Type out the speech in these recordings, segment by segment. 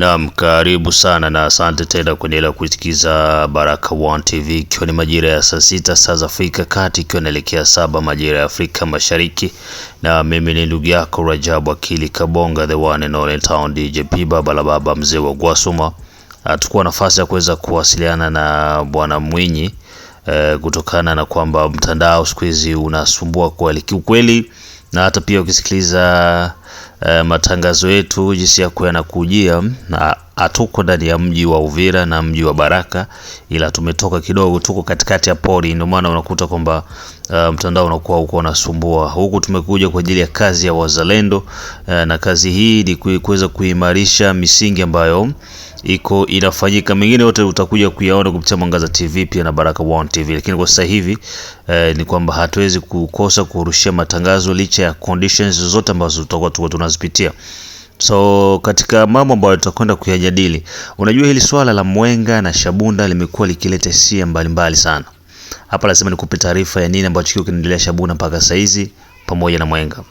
Naam, karibu sana na asante tena kuendelea kusikiza baraka One TV ikiwa ni majira ya saa sita saa za Afrika Kati, ikiwa inaelekea saba majira ya Afrika Mashariki, na mimi ni ndugu yako Rajabu Akili Kabonga, the one and only town DJ baba la baba, mzee wa Gwasuma. Hatukuwa ah, nafasi ya kuweza kuwasiliana na bwana Mwinyi e, kutokana na kwamba mtandao siku hizi unasumbua kweli kiukweli, na hata pia ukisikiliza e, matangazo yetu jinsi yako yanakujia, na hatuko ndani ya mji wa Uvira na mji wa Baraka, ila tumetoka kidogo, tuko katikati ya pori. Ndio maana unakuta kwamba uh, mtandao unakuwa uko unasumbua. Huku tumekuja kwa ajili ya kazi ya wazalendo uh, na kazi hii ni kuweza kuimarisha misingi ambayo iko inafanyika. Mengine yote utakuja kuyaona kupitia Mwangaza TV pia na Baraka One TV, lakini kwa sasa hivi eh, ni kwamba hatuwezi kukosa kurushia matangazo licha ya conditions zote ambazo tutakuwa tuko tunazipitia. So katika mambo ambayo tutakwenda kuyajadili, unajua hili swala la Mwenga na Shabunda limekuwa likileta hisia mbalimbali sana. Hapa lazima nikupe taarifa ya nini ambacho kiko kinaendelea Shabunda mpaka saizi pamoja na Mwenga.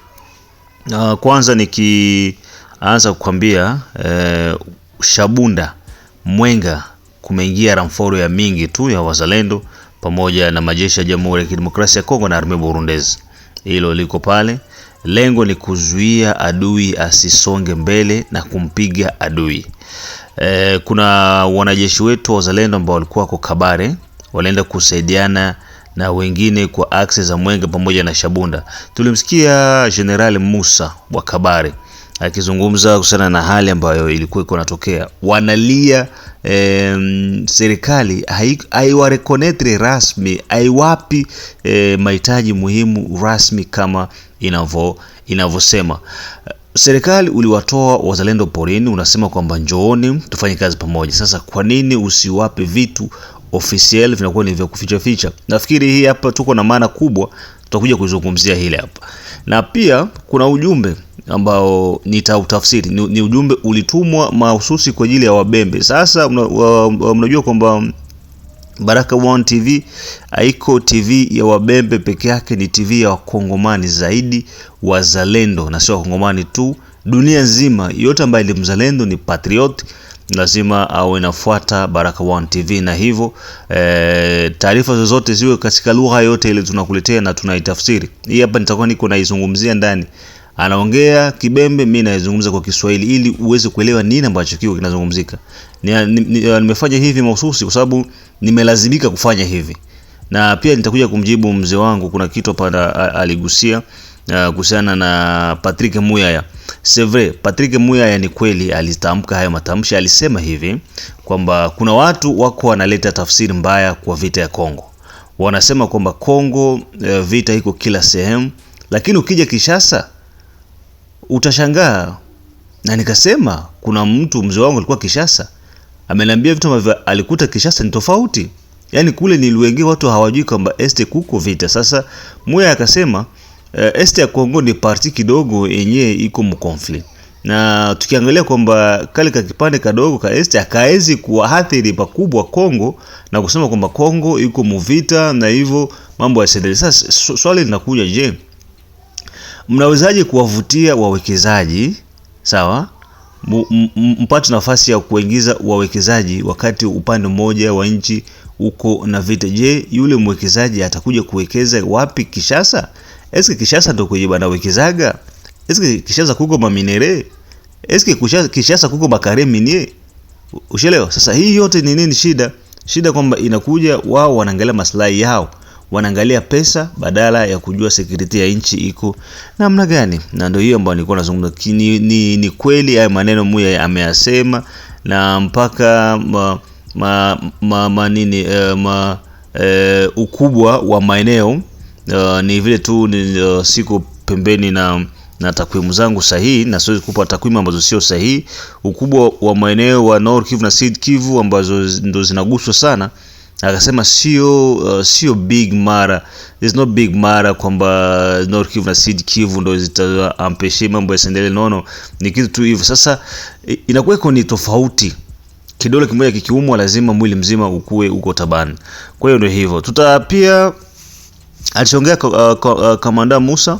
Uh, kwanza nikianza kukwambia eh, shabunda Mwenga kumeingia ramforo ya mingi tu ya wazalendo pamoja na majeshi ya Jamhuri ya Kidemokrasia ya Kongo na arme burundezi. Hilo liko pale, lengo ni kuzuia adui asisonge mbele na kumpiga adui. E, kuna wanajeshi wetu wa wazalendo ambao walikuwa wako Kabare, walienda kusaidiana na wengine kwa akse za Mwenga pamoja na Shabunda. Tulimsikia General Musa wa Kabare akizungumza kuhusiana na hali ambayo ilikuwa iko natokea, wanalia eh, serikali haiwareconnecti rasmi, haiwapi eh, mahitaji muhimu rasmi kama inavyo inavyosema serikali. Uliwatoa wazalendo porini, unasema kwamba njooni tufanye kazi pamoja. Sasa kwa nini usiwape vitu official vinakuwa ni vya kuficha ficha? Nafikiri hii hapa tuko na maana kubwa, tutakuja kuzungumzia hili hapa, na pia kuna ujumbe ambao nitautafsiri ni, ni ujumbe ulitumwa mahususi kwa ajili ya Wabembe. Sasa mnajua mna, mna kwamba Baraka One TV haiko TV ya Wabembe peke yake, ni TV ya Wakongomani zaidi, wazalendo na sio Wakongomani tu, dunia nzima. Yote ambaye ni mzalendo ni patriot lazima awe nafuata Baraka One TV na hivyo e, taarifa zozote ziwe katika lugha yote ile tunakuletea na tunaitafsiri. Hii hapa nitakuwa niko naizungumzia ndani anaongea Kibembe, mimi naizungumza kwa Kiswahili ili uweze kuelewa nini ambacho kiko kinazungumzika. Nimefanya ni, ni, ni eh, hivi mahususi kwa sababu nimelazimika kufanya hivi, na pia nitakuja kumjibu mzee wangu, kuna kitu hapa aligusia eh, kuhusiana na Patrick Muyaya. sevre Patrick Muyaya ni kweli alitamka hayo matamshi, alisema hivi kwamba kuna watu wako wanaleta tafsiri mbaya kwa vita ya Kongo, wanasema kwamba Kongo eh, vita iko kila sehemu, lakini ukija Kishasa utashangaa. Na nikasema kuna mtu mzee wangu alikuwa Kishasa, ameniambia vitu ambavyo alikuta Kishasa ni tofauti. Yaani kule ni Luenge, watu hawajui kwamba este kuko vita. Sasa Muya akasema uh, este ya Kongo ni parti kidogo yenye iko mkonflikt na tukiangalia kwamba kale ka kipande kadogo ka este akaezi kuathiri pakubwa Kongo na kusema kwamba Kongo iko muvita na hivyo mambo yasiendelee. Sasa swali linakuja, je, mnawezaje kuwavutia wawekezaji sawa mpate nafasi ya kuingiza wawekezaji wakati upande mmoja wa nchi uko na vita. Je, yule mwekezaji atakuja kuwekeza wapi? Kishasa? Eske Kishasa ndo kwenye wekezaga? Eske Kishasa kuko maminere? Eske Kishasa kuko bakare minye? Ushelewa? Sasa hii yote ni nini shida? Shida kwamba inakuja wao wanaangalia maslahi yao wanaangalia pesa badala ya kujua security ya nchi iko namna gani na ndio hiyo ambayo nilikuwa nazungumza ni, ni, ni kweli haya maneno muya ameyasema na mpaka ma, ma, ma, ma, nini, uh, ma, uh, ukubwa wa maeneo uh, ni vile tu ni, uh, siko pembeni na na takwimu zangu sahihi na siwezi kupa takwimu ambazo sio sahihi. Ukubwa wa maeneo wa North Kivu na Sud Kivu ambazo ndo zinaguswa sana akasema sio uh, sio big mara is no big mara kwamba North Kivu na Sud Kivu ndo zitaampeshi uh, mambo yasiendelee. Nono, ni kitu tu hivyo. Sasa inakuwa iko ni tofauti, kidole kimoja kikiumwa lazima mwili mzima ukue uko tabani. Kwa hiyo ndio hivyo, tuta pia alichongea uh, uh, kamanda Musa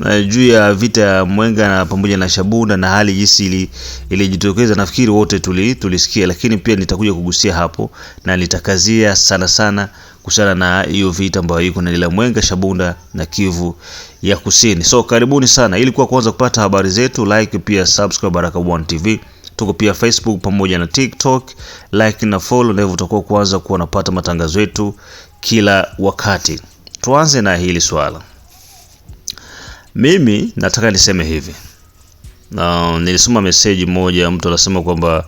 uh, juu ya vita ya Mwenga na pamoja na Shabunda na hali jinsi ilijitokeza ili nafikiri wote tuli, tulisikia, lakini pia nitakuja kugusia hapo na nitakazia sana sana kuhusiana na hiyo vita ambayo iko na ile Mwenga, Shabunda na Kivu ya Kusini. So karibuni sana, ili kwa kwanza kupata habari zetu like pia subscribe baraka One TV. Tuko pia Facebook pamoja na TikTok, like na follow, na hivyo utakuwa kuanza kuwa unapata matangazo yetu kila wakati. Tuanze na hili swala mimi nataka niseme hivi na, nilisoma message moja mtu anasema kwamba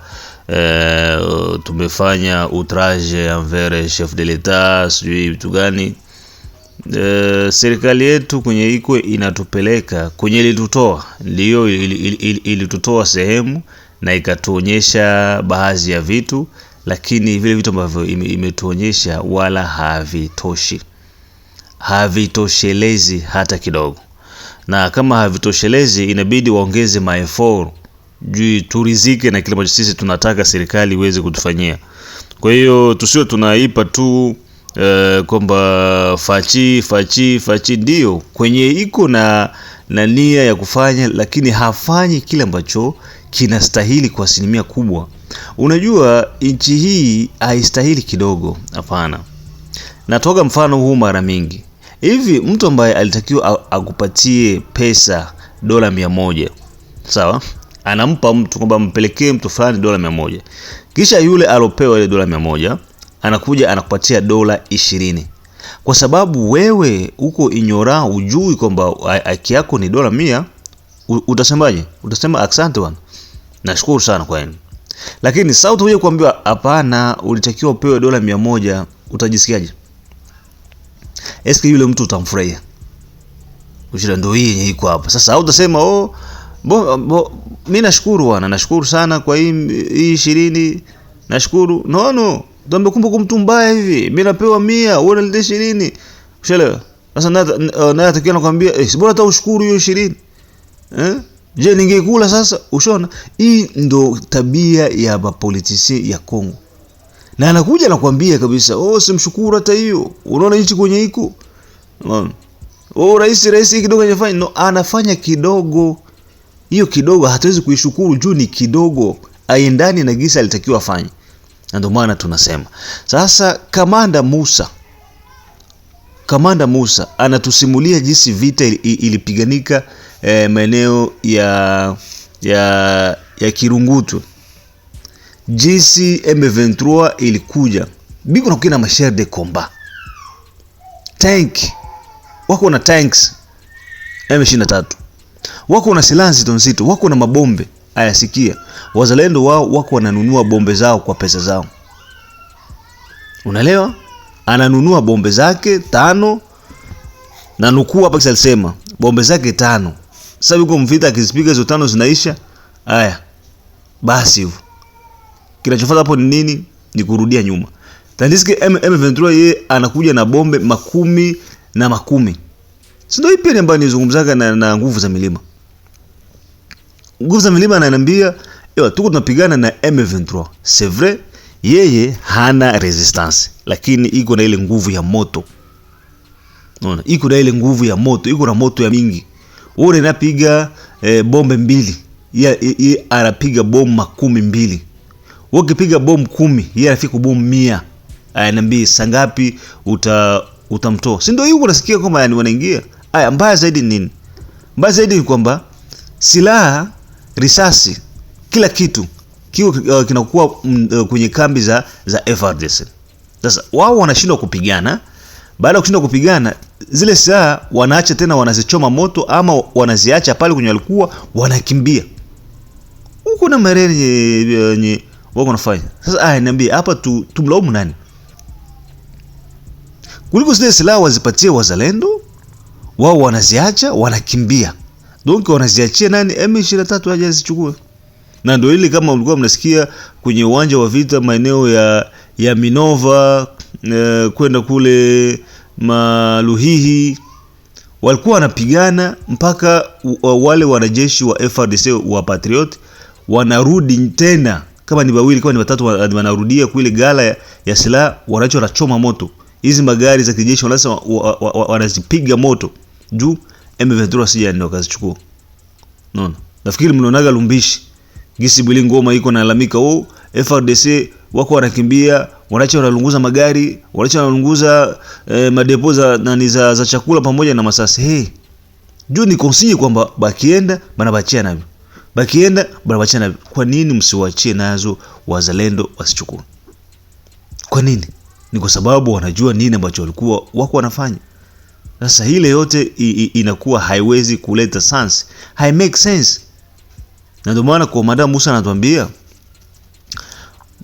e, tumefanya outrage envers chef de l'etat, sijui vitu gani e, serikali yetu kwenye ikwe inatupeleka kwenye ilitutoa, ndiyo ilitutoa sehemu na ikatuonyesha baadhi ya vitu, lakini vile vitu ambavyo imetuonyesha wala havitoshi, havitoshelezi hata kidogo na kama havitoshelezi inabidi waongeze ma-effort juu turizike na kile ambacho sisi tunataka serikali iweze kutufanyia. Kwa hiyo tusio tunaipa tu uh, kwamba fachi fachi fachi, ndio kwenye iko na na nia ya kufanya, lakini hafanyi kile ambacho kinastahili kwa asilimia kubwa. Unajua, nchi hii haistahili kidogo, hapana. Natoka mfano huu mara mingi hivi mtu ambaye alitakiwa akupatie pesa dola mia moja sawa anampa mtu kwamba mpelekee mtu fulani dola mia moja kisha yule alopewa ile dola mia moja anakuja anakupatia dola ishirini kwa sababu wewe uko inyora ujui kwamba haki yako ni dola mia utasemaje utasema asante bwana nashukuru sana kwani lakini saa utakuja kuambiwa hapana ulitakiwa upewe dola mia moja utajisikiaje eski yule mtu utamfurahia kushinda ndio hii yenye iko hapa sasa, au utasema oh, bo, bo, mi nashukuru bwana, nashukuru sana kwa hii hii ishirini, nashukuru no no, tuambe kumbe mtu mbaya hivi, mimi napewa mia wewe unaleta ishirini, ushaelewa? Sasa na na atakiwa nakwambia eh, bora hata ushukuru hiyo ishirini eh Je, ningekula sasa? Ushona, hii ndo tabia ya mapolitisi ya Kongo na anakuja anakuambia kabisa, oh, simshukuru hata hiyo, unaona hichi kwenye iko, unaona oh, rais rais kidogo anafanya no, anafanya kidogo. Hiyo kidogo hatuwezi kuishukuru juu ni kidogo, aendani na gisa alitakiwa afanye, na ndio maana tunasema sasa, kamanda Musa Kamanda Musa anatusimulia jinsi vita ilipiganika eh, maeneo ya, ya, ya Kirungutu jinsi M23 ilikuja biko nakukia na mashare de combat tank wako na tanks M23 wako na silaha nzito nzito, wako na mabombe ayasikia. Wazalendo wao wako wananunua bombe zao kwa pesa zao, unaelewa? Ananunua bombe zake tano na nukuu hapa, kisa alisema bombe zake tano. Sasa yuko mvita, akizipiga hizo tano zinaisha. Haya basi hivyo Kinachofata hapo ni nini? Ni kurudia nyuma. Tandiski M, M Ventura yeye anakuja na bombe makumi na makumi. Si ndio ipi ambayo nizungumzaga na, na nguvu za milima. Nguvu za milima ananiambia, "Ewa tuko tunapigana na M23." C'est vrai, yeye hana resistance, lakini iko na ile nguvu ya moto. Unaona, iko na ile nguvu ya moto, iko na moto ya mingi. Wewe unapiga e, eh, bombe mbili. Yeye anapiga bomu makumi mbili. Ukipiga bomu kumi, yeye anafika bomu mia, ananiambia sangapi uta utamtoa, si ndio? Yuko nasikia kwamba yani wanaingia aya Mbaya zaidi nini? Mbaya zaidi ni kwamba silaha, risasi, kila kitu uh, kinakuwa mm, uh, kwenye kambi za za FRDC Sasa wao wanashindwa kupigana. Baada ya kushindwa kupigana, zile silaha wanaacha tena, wanazichoma moto ama wanaziacha pale kwenye walikuwa wanakimbia huko na mareni yenye eh, wako nafanya sasa. Ah, niambie hapa tu, tumlaumu nani? Kuliko zile silaha wazipatie wazalendo, wao wanaziacha wanakimbia, donc wanaziachia nani? M23 aje azichukue. Na ndio ile kama ulikuwa mnasikia kwenye uwanja wa vita maeneo ya ya Minova eh, kwenda kule Maluhihi walikuwa wanapigana mpaka wale wanajeshi wa FRDC wa Patriot wanarudi tena kama ni wawili, kama ni watatu, wanarudia kule gala ya, ya silaha, wanacho wanachoma moto hizi magari za kijeshi, wanasa wanazipiga moto juu M23 sija ndio kazichukua. Unaona, nafikiri mnaonaga Lumbishi gisi bili ngoma iko na alamika, oh FRDC wako wanakimbia, wanacho wanalunguza magari, wanacho wanalunguza eh, madepo za nani za, za chakula pamoja na masasi. Hey, juu ni konsiji kwamba bakienda bana bachia navyo bakienda barabachana. Kwa nini msiwachie nazo wazalendo wasichukue? Kwa nini? Ni kwa sababu wanajua nini ambacho walikuwa wako wanafanya. Sasa ile yote i, i, inakuwa haiwezi kuleta sense, hai make sense, na ndio maana kwa madam Musa anatuambia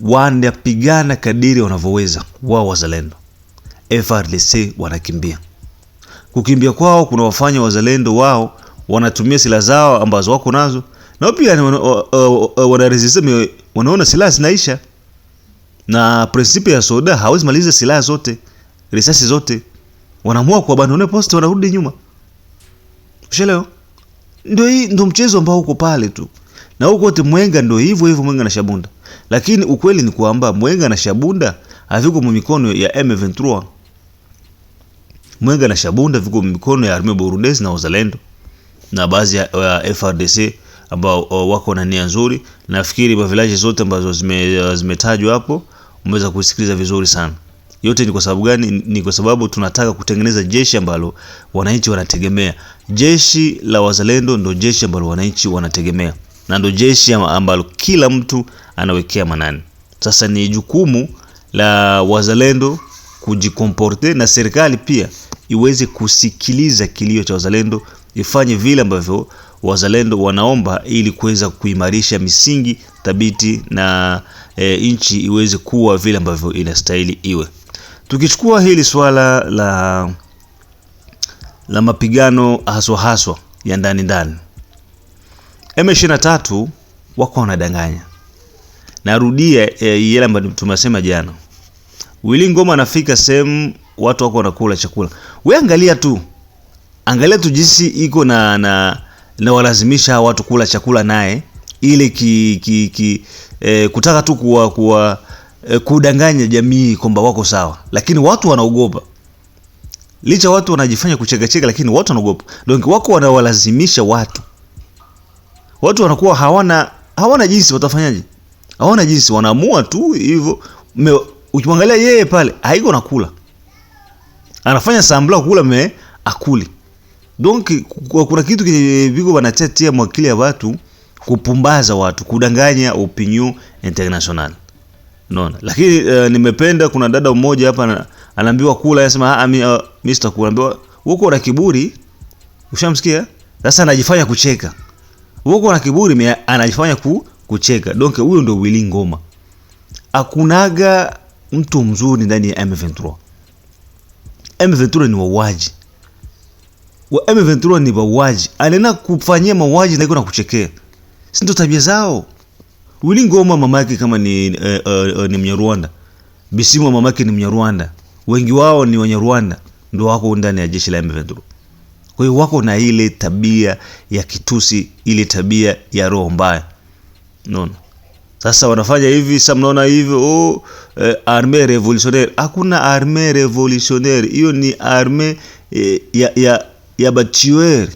wanapigana kadiri wanavyoweza wao wazalendo. FARDC wanakimbia. Kukimbia kwao kuna wafanya wazalendo wao wanatumia silaha zao ambazo wako nazo na pia wanaresiseme wanaona silaha zinaisha na prinsipe ya soda hawezi maliza silaha zote risasi zote, wanamua wanaamua kuabandone posti, wanarudi nyuma. ushelewa Ndio hii ndio mchezo ambao uko pale tu, na huko wote Mwenga ndio hivyo hivyo, Mwenga na Shabunda. Lakini ukweli ni kwamba Mwenga na Shabunda haviko mikono ya M23. Mwenga na Shabunda viko mikono ya Armée Burundaise na Wazalendo na baadhi ya, ya FARDC ambao uh, wako na nia nzuri. Nafikiri mavilaji zote ambazo uh, zimetajwa hapo umeweza kusikiliza vizuri sana. Yote ni kwa sababu gani? Ni kwa sababu tunataka kutengeneza jeshi ambalo wananchi wanategemea. Jeshi la wazalendo ndo jeshi ambalo wananchi wanategemea na ndo jeshi ambalo kila mtu anawekea manani. Sasa ni jukumu la wazalendo kujikomporte na serikali pia iweze kusikiliza kilio cha wazalendo ifanye vile ambavyo wazalendo wanaomba ili kuweza kuimarisha misingi thabiti na e, nchi iweze kuwa vile ambavyo inastahili iwe. Tukichukua hili swala la, la mapigano haswa haswa ya ndani ndani, M23 wako wanadanganya. Narudia e, yale ambayo tumesema jana, wili Ngoma anafika sehemu watu wako wanakula chakula, we angalia tu angalia tu jinsi iko na na nawalazimisha watu kula chakula naye ili ki, ki, ki, e, kutaka tu kuwa, kuwa e, kudanganya jamii kwamba wako sawa, lakini watu wanaogopa licha watu wanajifanya kuchekacheka, lakini watu wanaogopa. Donc wako wanawalazimisha watu, watu wanakuwa hawana hawana jinsi, watafanyaje? Hawana jinsi, wanaamua tu hivyo. Ukimwangalia yeye pale haiko nakula, anafanya sambla kula me akuli Donc kuna kitu kenye viko wanachatia mwakili ya watu kupumbaza watu kudanganya opinion international. Unaona? Lakini uh, nimependa kuna dada mmoja hapa anaambiwa kula anasema ah uh, ah, Mr. kula ambiwa uko na kiburi. Ushamsikia? Sasa anajifanya kucheka. huko na kiburi anajifanya ku, kucheka. Donc huyo ndio wili Ngoma. akunaga mtu mzuri ndani ya M23. M23 ni wauaji wa M23 ni bauaji, alena kufanyia mauaji na iko na kuchekea, si ndo tabia zao. Willy Ngoma mamake kama ni, uh, uh, ni Mnyarwanda, Bisimwa mamake ni Mnyarwanda, wengi wao ni Wanyarwanda ndo wako ndani ya jeshi la M23. Kwa hiyo wako na ile tabia ya kitusi, ile tabia ya roho mbaya, unaona. Sasa wanafanya hivi, sasa mnaona hivi oh, eh, armée revolutionnaire. Hakuna armée revolutionnaire, hiyo ni armée eh, ya, ya ya batueur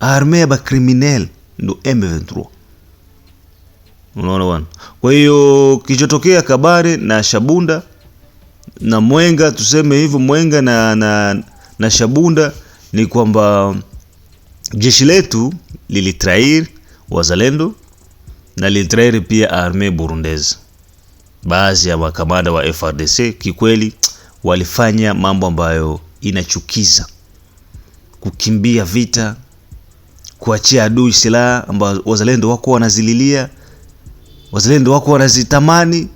arme ya bakriminel ndo M23. Unaona bwana. Kwa hiyo kilichotokea Kabare na Shabunda na Mwenga, tuseme hivyo Mwenga na, na, na Shabunda ni kwamba jeshi letu lilitrair wazalendo na lilitrair pia arme burundese. Baadhi ya makamanda wa FRDC kikweli walifanya mambo ambayo inachukiza kukimbia vita, kuachia adui silaha ambao wazalendo wako wanazililia, wazalendo wako wanazitamani,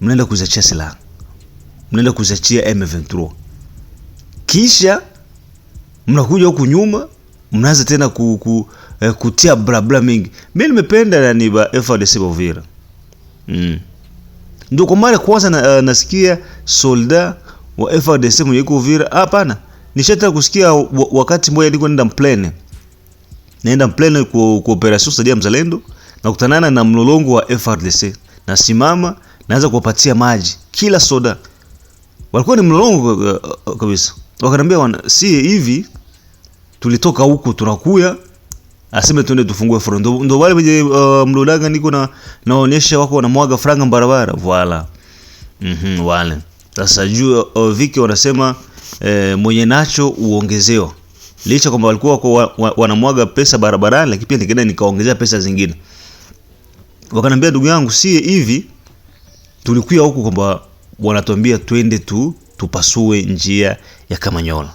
mnaenda kuziachia silaha, mnaenda kuziachia M23, kisha mnakuja huku nyuma mnaanza tena ku, ku, eh, kutia blabla mingi. Mimi nimependa yani ba FARDC Bavira mm. Ndio kwa mara kwanza na, uh, nasikia solda wa FARDC mwenye Uvira hapana nishataka kusikia wakati mmoja nilikuwa naenda Mplene, naenda Mplene kwa kwa operation Saidia Mzalendo, nakutanana na mlolongo wa FRDC, nasimama naanza kuwapatia maji kila soda, walikuwa ni mlolongo uh, uh, kabisa. wakanambia wana si hivi, tulitoka huko tunakuya aseme tuende tufungue front, ndo wale wenye uh, mlolaga niko na naonyesha wako na mwaga franga barabara, voilà mhm mm wale sasa juu uh, uh viki wanasema e, mwenye nacho uongezewa. Licha kwamba walikuwa kwa, wanamwaga pesa barabarani, lakini pia nikaenda nikaongezea pesa zingine. wakanambia ndugu yangu, si hivi tulikuwa huku kwamba wanatuambia twende tu tupasue njia ya Kamanyola.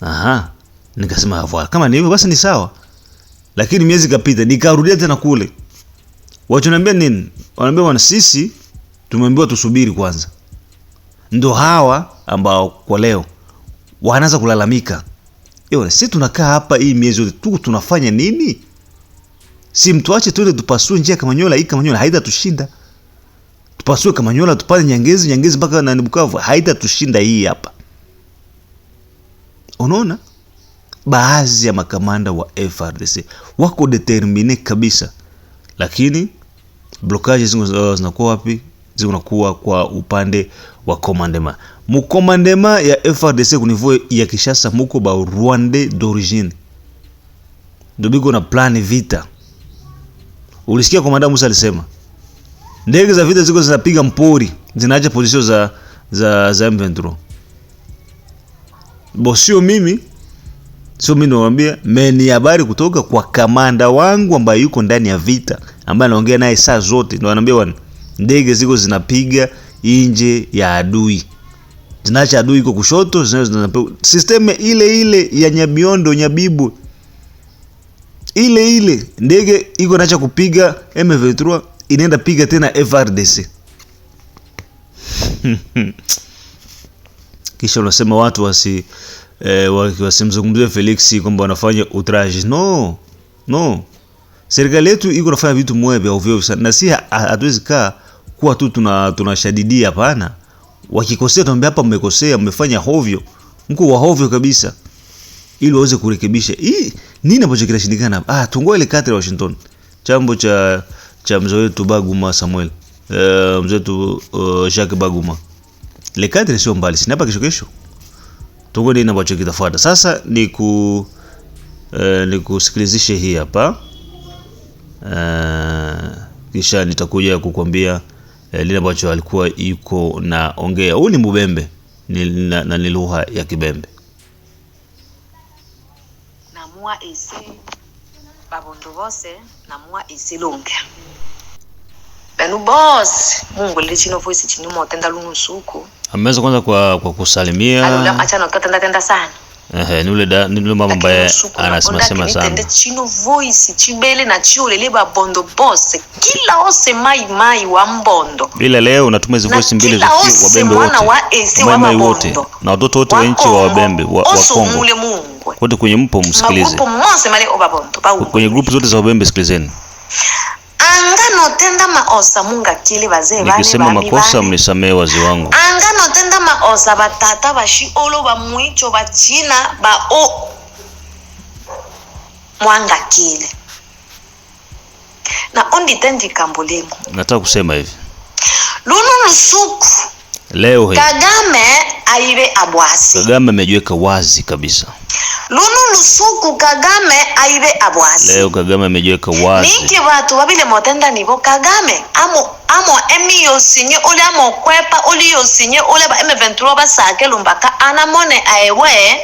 Aha, nikasema hapo kama ni hivyo basi ni sawa. Lakini miezi kapita, nikarudia tena kule. Wachoniambia nini? Wanaambia wana sisi tumeambiwa tusubiri kwanza ndo hawa ambao kwa leo wanaanza kulalamika, si tunakaa hapa hii miezi yote tu tunafanya nini? Si mtuache tuende tupasue njia Kamanyola, hii Kamanyola tushinda Tupasue Kamanyola tupande Nyangezi, Nyangezi mpaka na Bukavu, haitatushinda hii hapa. Unaona, baadhi ya makamanda wa FRDC wako determine kabisa, lakini blokaji zinakuwa wapi? zinakuwa kwa upande wa commandement mu commandement ya FRDC ku niveau ya Kishasa muko ba Rwanda d'origine ndio biko na plan vita. Ulisikia komanda Musa alisema ndege za vita ziko zinapiga mpori zinaacha pozisio za, za, za M23. Bo sio mimi sio mimi nawaambia, meni habari kutoka kwa kamanda wangu ambaye yuko ndani ya vita ambaye anaongea naye saa zote, ndio anaambia wana ndege ziko zinapiga nje ya adui, zinaacha adui iko kushoto, sisteme ile ile ya Nyabiondo Nyabibu ile ile, ndege iko naacha kupiga M23 inaenda piga tena FRDC kisha unasema watu wasi eh, wasimzungumzie Felix kwamba wanafanya outrage. No, no, serikali yetu iko nafanya vitu moja vya ovyo sana, na si hatuwezi kaa kuwa tu tunashadidia tuna hapana. Wakikosea tuambia hapa, mmekosea, mmefanya hovyo, mko wa hovyo kabisa, ili waweze kurekebisha. Hii nini ambacho kinashindikana Ah, tungoe ile katra ya Washington, chambo cha cha mzee wetu Baguma Samuel, uh, mzee wetu uh, Jacques Baguma, le katra sio mbali, sina hapa kesho kesho tungoe nini ambacho kitafuata. Sasa ni ku uh, ni kusikilizishe hii hapa uh, kisha nitakuja kukwambia eh, lile ambacho alikuwa iko na ongea. Huu ni Mubembe na, na ni lugha ya Kibembe. namwa isi babandu bose namwa isilunga benu bose mungu lile chino voice chinimo tenda lunusuku ameweza kwanza kwa, kwa kusalimia achana tenda tenda sana Ehe, ni ule da ni ule mama ambaye anasema sema sana. Chino voice chibele na chiole leba bondo boss kila ose mai mai wa mbondo. Bila leo unatuma hizo voice mbili za wabembe wote. Wa mai wote. Na watoto wote wa nchi wa wabembe wa, wa Kongo. Wote kwenye mpo msikilize. Kwenye grupu zote za wabembe sikilizeni. Anga notenda maosa munga kile bazee bale. Nikisema makosa mnisamee wazee wangu. Anga totenda maosa batata bashi olo bamwicho bachina bao mwangakile na ondita ndikambo lemo nataka kusema hivi lunu lusuku Leo hii Kagame aibe abwasi. Kagame amejiweka wazi kabisa. Lulu lusuku Kagame aibe abwasi. Leo Kagame amejiweka wazi. Ningi watu wabile motenda nibo Kagame amo amo emi yosinye ule amo kwepa uli yosinye ule ba M23 ba sake lumbaka anamone aewe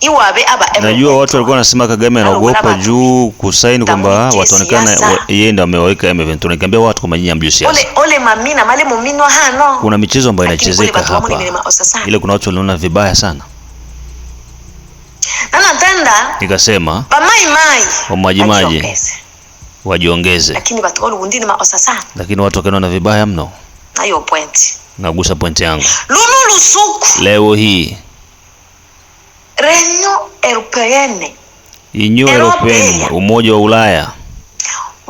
iwa abe aba Najua watu walikuwa wanasema Kagame anaogopa juu kusaini kwamba wataonekana yeye ndio amewaweka M23. Nikiambia watu kwamba nyinyi hamjui siasa. Kuna michezo ambayo inachezeka hapa, ile kuna watu waliona vibaya sana. Nana tenda. Nikasema mai maji. wajiongeze, lakini watu Lakini watu wakaona vibaya mno. Na Nagusa pointi yangu Lulu lusuku. leo hii renyo Européenne. inyo Européenne, Umoja wa Ulaya.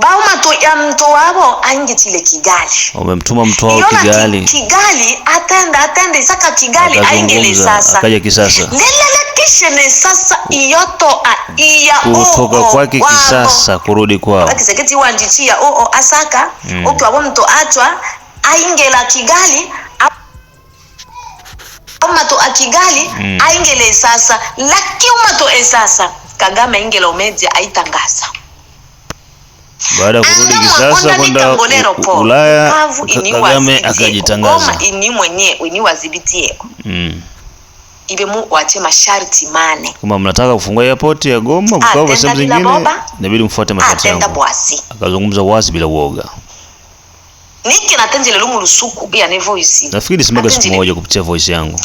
Bauma to ya mto wabo angitile Kigali. Wamemtuma mtu wao Kigali. Kigali atenda atende saka Kigali aingele sasa. Akaja kisasa. Lelele kisha ne sasa iyoto a iya o kutoka oh, kwake kisasa kurudi kwao. akisegeti wanjitia o o asaka mm. Okiwa mto atwa aingela Kigali umato akigali mm. aingele esasa laki umato esasa kagame aingela umedya aitangaza baada ya kurudi kisasa kwenda Ulaya Kagame akajitangaza ini mwenye ini wazibitie mm. ibe mu wache masharti mane kama mnataka kufungua airport ya Goma Bukavu ah, sehemu zingine inabidi mfuate ah, masharti yangu akazungumza wazi bila uoga niki natenjele lumu lusuku bia ne voice nafikiri simaga siku moja kupitia voice yangu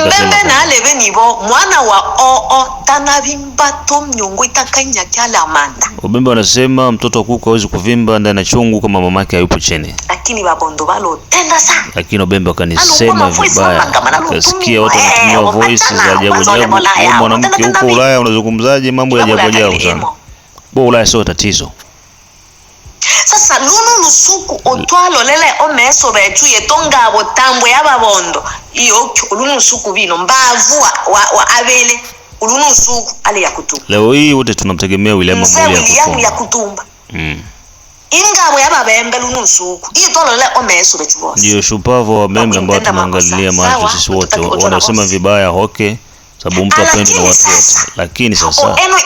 mbembe na aleve nibo mwana wa oo tanavimba to mnyongo itakanya kiala amanda ubembe wanasema mtoto kuku hawezi kuvimba ndani ya chungu kama mamake hayupo chini lakini wabondo balo tenda sa lakini ubembe wakanisema vibaya kasikia watu eh, wanatumia voice za ajabu ajabu mwanamke huko Ulaya unazungumzaje mambo ya ajabu ajabu sana kwa Ulaya sio tatizo sasa lulu olusuku otwalo lele omeso betu yetonga botambo ya babondo iyokyo olunusuku bino mbavu wa, wa abele ulunusuku ale yakutumba leo hii wote tunamtegemea William William ya kutumba mm ingabo yababembe lunusuku iyo tolo lele omeso bethu bose ndio shupavu wabembe ambao tunaangalia macho sisi wote wanasema vibaya hoke sababu mtu ah, apendi na watu wote lakini oh, sasa oh, ah, eno,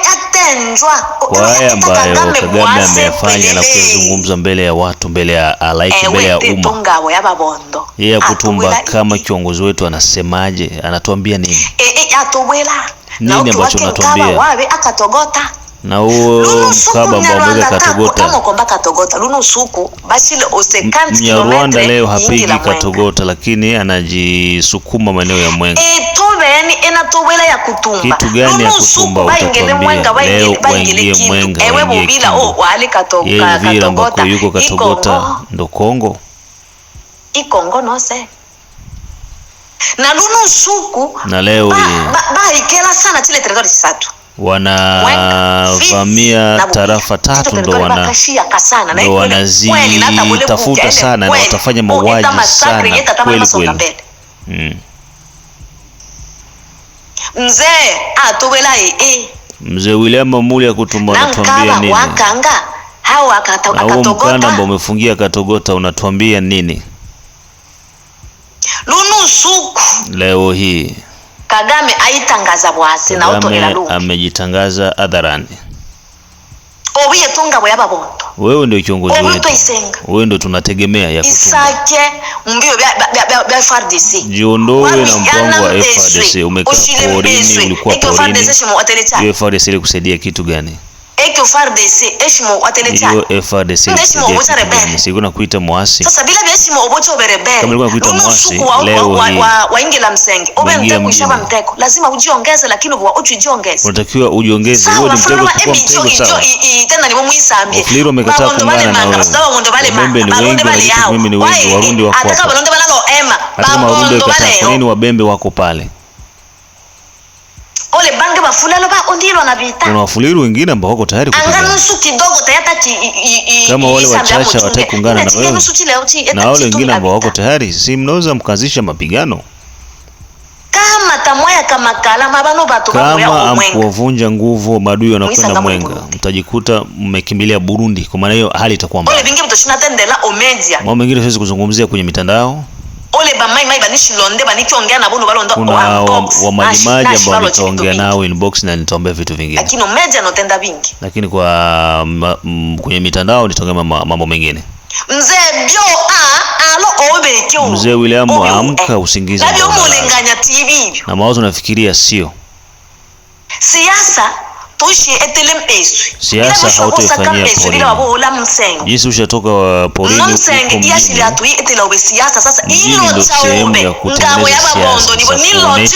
kwa haya ambayo Kagame eh, ameyafanya na kuzungumza mbele ya watu, mbele ya halaiki, mbele ya umma, yeye akutumba kama kiongozi wetu anasemaje? Anatuambia nini? Eh, eh, nini ambacho anatuambia? na huo mkaba ambao ameweza katogota Rwanda leo hapigi katogota, lakini anajisukuma maeneo ya Mwenga. Eh, Kitu gani ya kutumba? Utatuambia leo waingie Mwenga, Uvira oh, ambako yuko katogota ndo Kongo ikongo na suku na leo ba, ba, ba, wanavamia tarafa tatu, ndo wana ndo wanazitafuta sana na watafanya mauaji sana kweli kweli. Mm. Mzee atobela ah, ee eh. Mzee William Mamuli akutuma anatuambia nini? Na huo mkanda Mbona umefungia katogota unatuambia nini? Lunusuku. Leo hii Kagame aitangaza bwasi na otogera lungi. Amejitangaza hadharani. Obiye tunga bwe yababondo. Wewe ndio kiongozi wetu. Obiye isenga. Wewe ndio tunategemea ya kutunga. Isake mbio bya FARDC. Jiondoe na mpango wa FARDC. Umekaa porini ulikuwa porini. FARDC ilikusaidia kitu gani? hiyo FARDC siku na kuita mwasi. Sasa bila obocho Kama kuita mwasi leo hii lazima ujiongeze, lakini ujiongeze. Unatakiwa ujiongeze ni mteko kwa sawa. Tena ni na wewe. ni wengi mimi ni wengi, Warundi wako. Hata kama balalo ema. Hata kama Warundi wakataa, Wabembe wako pale? kuna wafuliru wengine ambao wako tayari kama wale wachacha hawataki kuungana na wewe, na wale wengine ambao wako tayari, si mnaweza mkaanzisha mapigano kama amkuwavunja nguvu maadui wanakwenda mwenga, mtajikuta mmekimbilia Burundi. Kwa maana hiyo hali itakuwa mbaya. Mambo mengine siwezi kuzungumzia kwenye mitandao kuna wamalimaji ambao nitaongea nao inbox na nitaombea vitu vingine, lakini kwa mm, mm, kwenye mitandao nitaongea mambo mengine. Mzee William, eh. amka usingizi na mawazo, nafikiria sio siasa siasa hautoifanyia polini. Jinsi ushatoka wa polini mjini, ndo sehemu ya kutengeneza siasa,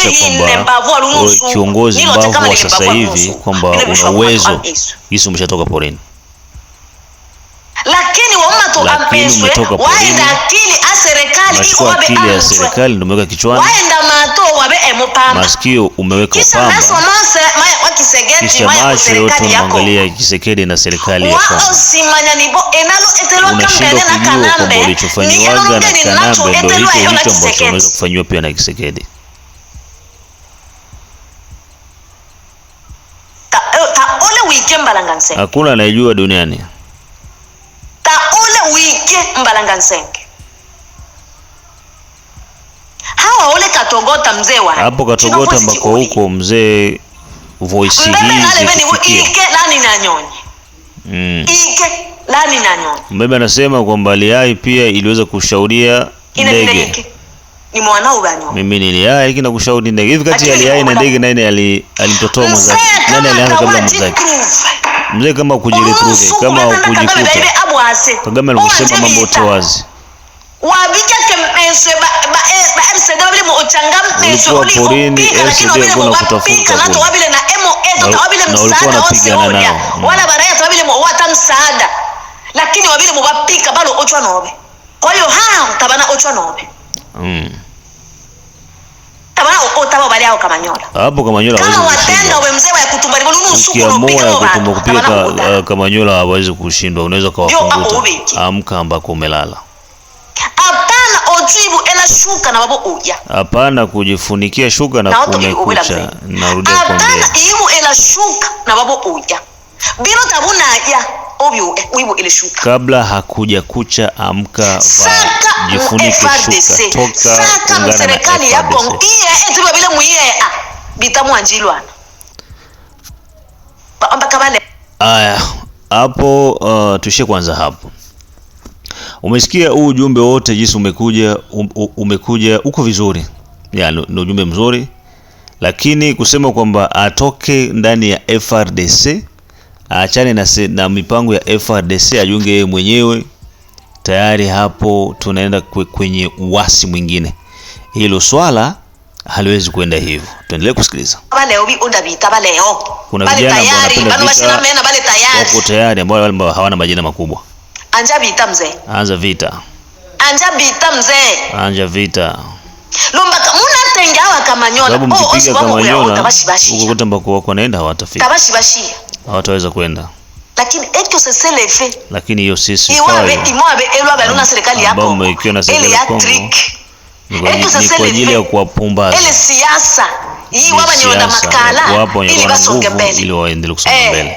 kuonyesha kwamba uh, kiongozi mbavu wa sasa hivi kwamba una uwezo. Jinsi umeshatoka porini lakini wa umma umetoka waenda akili a serikali iko wabe akili ya serikali ndio umeweka kichwani, waenda mato wabe emupamba masikio umeweka pamba, kisha macho macho yote unaangalia kisekedi na serikali ya Kongo. Unashindwa kujua kwamba ulichofanyiwaga na Kanambe ndio hicho hicho ambacho unaweza kufanyiwa pia na kisekedi. Eh, Hakuna anayejua duniani. Etienne Mbalanga Nsenge. Hawa ole katogota mzee wa. Hapo katogota mbako huko mzee voice hii. Ike lani na nyonyi. Mm. Ike lani na nyonyi. Mbebe anasema kwamba Liai pia iliweza kushauria ndege. Ni mwanao banyo. Mimi niliai lakini nakushauri ndege. Hivi kati ya Liai na ndege nani alimtotoa mzee? Nani alianza kabla mzee? mzee, kama kujirekruti kama ukujikuta Kagame alikusema mambo yote wazi eh, eh, ulikuwa porini RCD kuna kutafuta na ulikuwa unapigana nao mm. lakini wabile mubapika balo ochwa nobe kwa hiyo haa tabana ochwa nobe mm. Ah, hapo kamanyola kama watenda wewe mzee wa kutumba libo nunu usuku unapiga wa kupiga kamanyola eh, hawezi kushindwa unaweza kawafunguta amka ambako umelala hapana ojibu ela shuka na babo uja hapana kujifunikia shuka na kumekucha narudia kwambia ela shuka na babo uja biro tabuna ya obyo eh, wivu ilishuka. Kabla hakuja kucha, amka, vaa, mm, jifunike, shuka, toka, kungana na serikali ya Kongo iye etu babile muiye a bitamu anjilwana baamba kabale. Aya, hapo uh, tushie kwanza hapo. Umesikia huu ujumbe wote jinsi umekuja, um, umekuja uko vizuri, ya ni ujumbe mzuri, lakini kusema kwamba atoke ndani ya FRDC aachane na, na mipango ya FRDC ajunge yeye mwenyewe, tayari hapo tunaenda kwenye uasi mwingine. Hilo swala haliwezi kwenda hivyo. Tuendelee kusikiliza. Kuna vijana wako tayari ambao hawana majina makubwa. Anja vita mzee, anza vita, anja vita mzee, anja vita lomba Lumbaka munatenga wakamanyola, oh, oh, mkipiga Kamanyola huko kuta mbako wako naenda hawatafika. Tabashi bashi hawataweza kwenda lakini hiyo sisi ambao mmeikiwa na serikali ya Kongo ni kwa ajili ya wapa kuwapa wenye makala ili waendelee kusonga eh, mbele.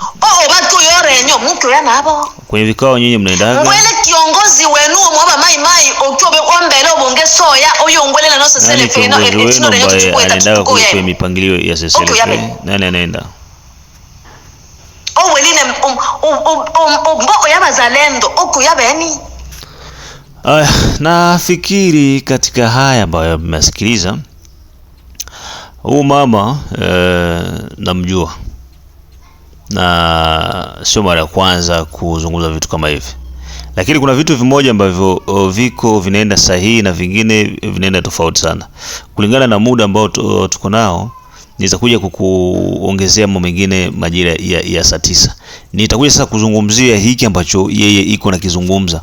Oh, watu yore nyo na hapo. kwenye vikao nyinyi mnaendaga Mwele kiongozi wenu wa mwaba mai mai okyobe ombele obonge soya oyo oyongwelela no sesele feno etino renyo tuchukue tatuko kwenye, kwenye mipangilio ya sesele okay, fe nani anaenda weline um, um, um, mboko ya mazalendo ya beni. Uh, nafikiri katika haya ambayo mmesikiliza huu mama uh, namjua na sio mara ya kwanza kuzungumza vitu kama hivi, lakini kuna vitu vimoja ambavyo viko vinaenda sahihi na vingine vinaenda tofauti sana. Kulingana na muda ambao tuko nao, nitakuja kukuongezea mambo mengine majira ya, ya saa tisa. Nitakuja sasa kuzungumzia hiki ambacho yeye iko na kizungumza,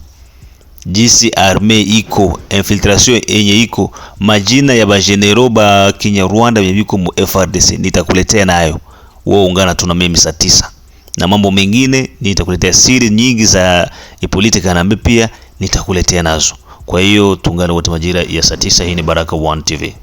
jinsi arme iko infiltration yenye iko majina ya bajenero ba Kinyarwanda yenye iko mu FRDC, nitakuletea nayo wewe ungana tu na mimi saa tisa na mambo mengine nitakuletea siri nyingi za na mimi pia nitakuletea nazo. Kwa hiyo tuungane wote majira ya saa tisa. Hii ni Baraka 1 TV.